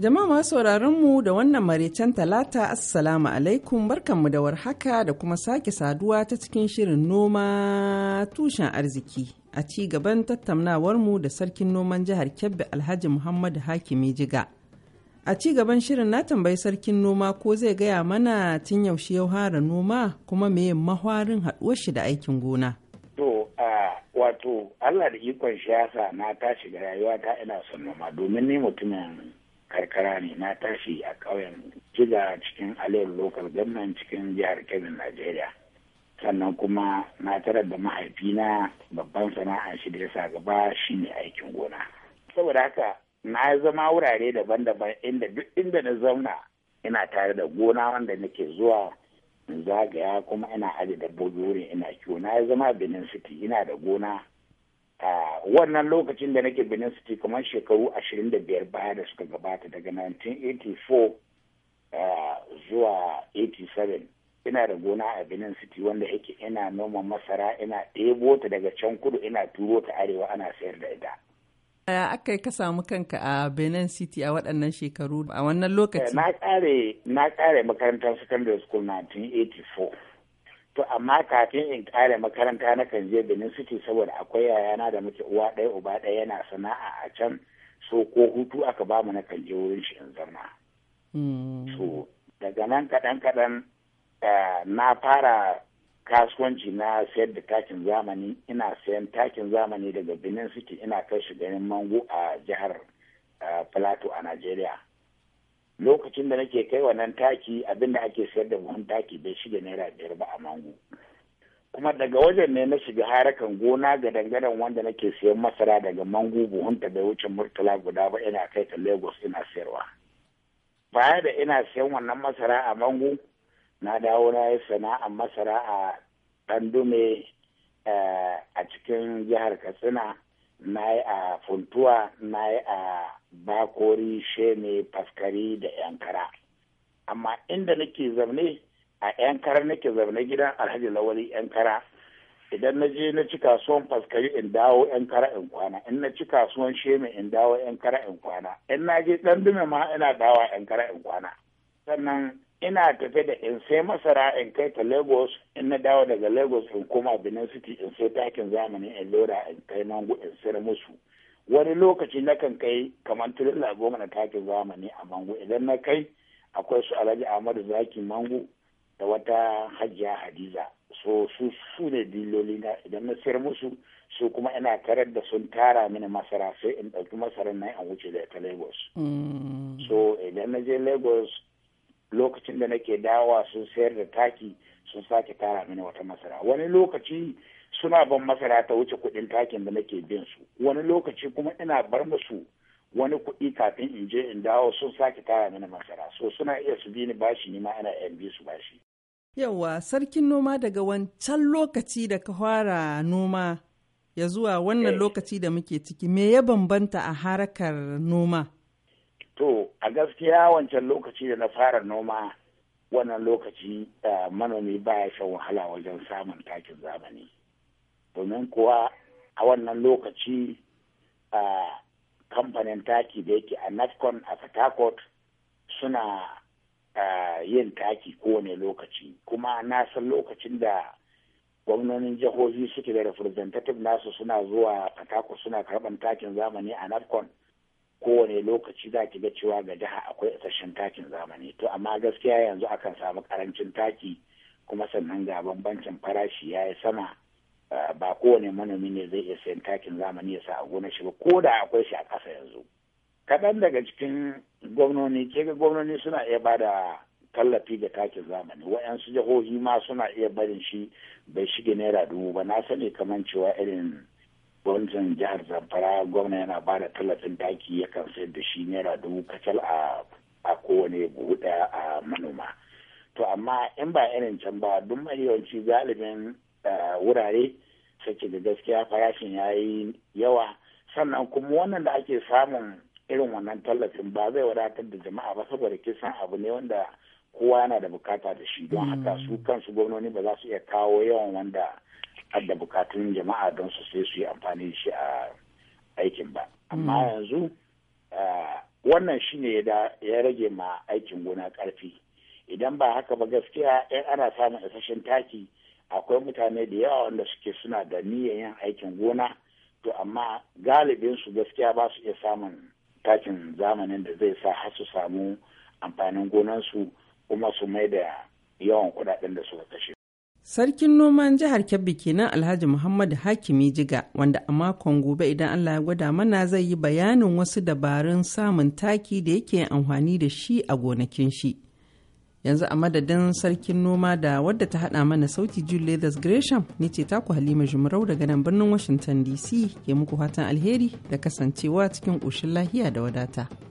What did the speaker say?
Jama'a masu mu da wannan maraicen talata assalamu alaikum barkanmu da warhaka da kuma sake saduwa ta cikin shirin noma tushen arziki a ci gaban tattaunawarmu da sarkin noman jihar Kebbi Alhaji Muhammadu Hakimi Jiga. A ci gaban shirin na tambayi sarkin noma ko zai gaya mana tun yaushe ya fara noma kuma me mahwarin haɗuwar shi da aikin gona. To wato Allah da ikon siyasa na tashi da rayuwa ta ina son noma domin ni mutumin karkara ne na tashi a ƙauyen kiga cikin alayyar local government cikin jihar kebbi najeriya sannan kuma na tarar da mahaifina babban sana'a shi da ya sa gaba ne aikin gona saboda haka na zama wurare daban-daban inda duk inda na zauna ina tare da gona wanda nake zuwa zagaya kuma ina aje dabbobi wurin ina kiwo na zama benin city ina da gona wannan lokacin da nake benin city kamar shekaru 25 baya da suka gabata daga 1984 zuwa 87 ina da gona a benin city wanda yake ina noma masara ina ɗebo ta daga can kudu ina turo ta arewa ana sayar da ita Yaya aka yi ka samu kanka a Benin City a waɗannan shekaru a wannan eh, lokaci? Na ƙare makarantar secondary school 1984. to amma kafin in kare makaranta na kan je Benin City saboda akwai yayana da muke uwa ɗaya uba ɗaya yana sana'a a can so ko hutu aka ba mu na kan je wurin shi in zama hmm. So daga nan kaɗan kaɗan eh, na fara kasuwanci na sayar da takin zamani ina sayan takin zamani daga Benin City ina kai shi ganin mango a jihar eh, Plateau a Najeriya. lokacin da nake kai wannan taki abinda ake sayar da buhun taki bai shiga naira biyar ba a mango kuma daga wajen ne na shiga harakan gona ga dangaren wanda nake sayan masara daga mango buhun ta bai wuce murtala guda ba ina kai ta lagos ina sayarwa baya da ina sayan wannan masara a mango na dawo na yi sana'a masara a dandume eh, a cikin jihar katsina na yi a funtuwa na yi a bakori shene faskari da yankara amma inda nake zaune a yankara nake zaune gidan alhaji lawali yankara idan na je na ci kasuwan faskari in dawo yankara in kwana in na ci kasuwan sheme in dawo yankara in kwana in na je dan ma ina dawa yankara in kwana sannan ina tafe da in sai masara in kai ta lagos in na dawo daga lagos in koma benin city in sai takin zamani in lora in kai mangu in sayar musu wani lokaci na kan kai kamar turilla goma na takin zamani a mangu idan na kai akwai su alhaji ahmadu zaki mangu da wata hajiya hadiza so su su ne diloli na idan na sayar musu su kuma ina karar da sun tara mini masara sai in ɗauki masarar na in wuce da ta lagos mm. so idan na je lagos lokacin da nake dawa sun sayar da taki sun sake tara mini wata masara wani lokaci suna ban masara ta wuce kuɗin takin da nake bin su wani lokaci kuma ina bar musu wani kuɗi kafin in je in dawo sun sake tara mini masara so suna iya su bi ni bashi ni ma ana yan bi su bashi yawa sarkin noma daga wancan lokaci da ka fara noma ya zuwa wannan eh. lokaci da muke ciki me ya bambanta a harkar noma to a gaskiya wancan lokaci da na fara noma wannan lokaci eh, manomi baya shan wahala wajen samun takin zamani domin kuwa a wannan lokaci eh, kamfanin taki da yake a nafcon a fatakot suna eh, yin taki kowane lokaci kuma na san lokacin da gwamnonin jihohi suke da representative nasu suna zuwa fatakot suna karban takin zamani a nafcon kowane lokaci za ki ga cewa ga jiha akwai isasshen takin zamani to amma gaskiya yanzu akan samu karancin taki kuma sannan ga bambancin farashi ya yi sama ba kowane manomi ne zai iya sayan takin zamani ya sa a gona shi ba ko da akwai shi a ƙasa yanzu kaɗan daga cikin gwamnoni ke ga gwamnoni suna iya ba da tallafi ga takin zamani waɗansu jihohi ma suna iya barin shi bai shige naira dubu ba na sani kamar cewa irin gwamnatin jihar zamfara gwamna yana ba da tallafin daki yakan sayar da shi naira dubu kacal a kowane buhu a manoma to amma in ba irin can ba duk yawanci galibin eh, wurare sake da gaskiya farashin ya yi yawa sannan kuma wannan da ake samun irin wannan tallafin ba zai wadatar da jama'a ba saboda kisan abu ne wanda kowa yana da bukata da shi don haka mm. su kansu gwamnoni ba za su iya kawo yawan wanda da bukatun jama'a don su sai su yi amfani shi a aikin ba amma hmm. yanzu wannan shi ne ya rage ma aikin gona karfi idan ba haka ba gaskiya in ana samun isasshen taki akwai mutane da yawa wanda suke suna da niyyar yin aikin gona to amma galibin su gaskiya ba su iya samun takin zamanin da zai sa har su samu amfanin gonansu kuma su mai da yawan kudaden da suka kashe Sarkin noman jihar Kebbi kenan Alhaji muhammad Hakimi Jiga wanda a makon gobe idan Allah ya gwada mana zai yi bayanin wasu dabarun samun taki da yake amfani da shi a gonakin shi. Yanzu a madadin sarkin noma da wadda ta hada mana sauti Leathers Gresham ne ce taku Halima Jumarau daga nan birnin Washington DC ke muku fatan alheri da kasancewa cikin ƙoshin lahiya da wadata.